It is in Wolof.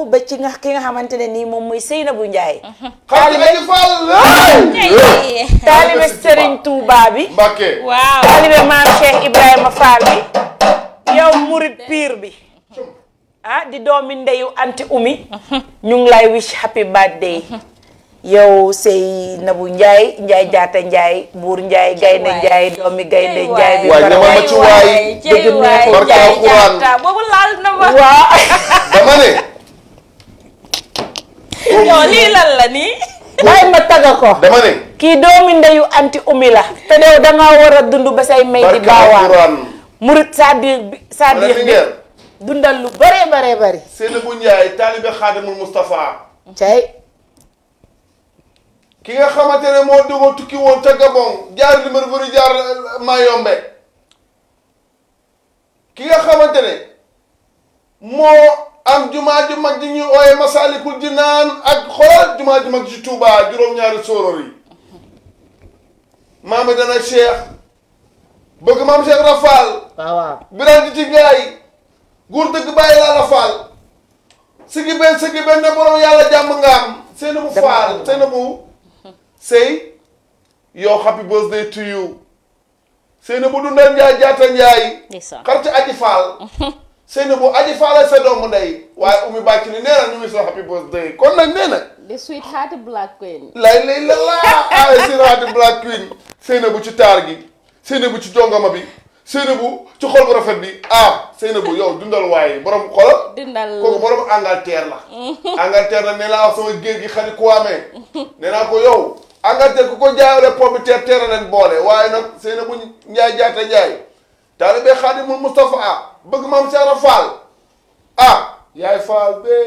ba ci nga ki nga xamante ne nii moom mooy Seynabou bu taalibe taalibe Serigne Touba bi. Mbacké waaw maam Cheikh Ibrahima Fall bi. yow murid piir bi. Ah, di doomi ndeyu anti umi. ñu ngi lay wish happy birthday. yow Seynabou Ndiaye Ndiaye jaata Ndiaye buur Ndiaye gaynde Ndiaye doomi gaynde Ndiaye bi waay na ko dama ne yow lii lan la nii. bàyyi ma tagga ko. dama ne. kii doomi ndeyu anti umi la. te dew da war a dund ba say may di baawaan murit cest bi cest bi dundal lu bëree bëree bëri. Seynabou Ndiaye taalibe xaadimul Moustapha. Ndiaye. ki nga xamante ne moo dugg tukki jaar Libreville jaar ki nga xamante ne moo. am jumaa ju mag ji ñuy ooye Masaalikul Jinaan ak xool jumaa ju mag ji Touba juróom-ñaari sóoróor yi dana Cheikh bëgg maam Cheikh Rafal. waaw waaw ci ngaay guur dëgg bàyyi laa Rafal. sigi benn ne borom yàlla jàmm nga am. seen bu faal seen bu sëy yow happy birthday to you seen bu dundal jaata njaay. xar ci faal. Seynabou Aji Fall sa doomu ndey waaye Oumy Bathily nee na ñu ngi soo happy birthday kon nag nee na. the sweetheart black queen. lay lay la laa ay sweetheart black queen. Seynabou ci taar gi bu ci jongama bi Seynabou ci xol bu rafet bi ah bu yow dundal waaye borom xolal. dundal kooku borom Angleterre la. Mm-hmm. Angleterre la nee naa wax sama géej gi xani koo amee naa ko yow Angleterre ku ko jaayoo rek pomme de terre leen boole waaye nag Seynabou Njaay jaata Njaay. taalibe xaadimul Moustapha bëgg maam Seera Fall ah yaay Fall bee.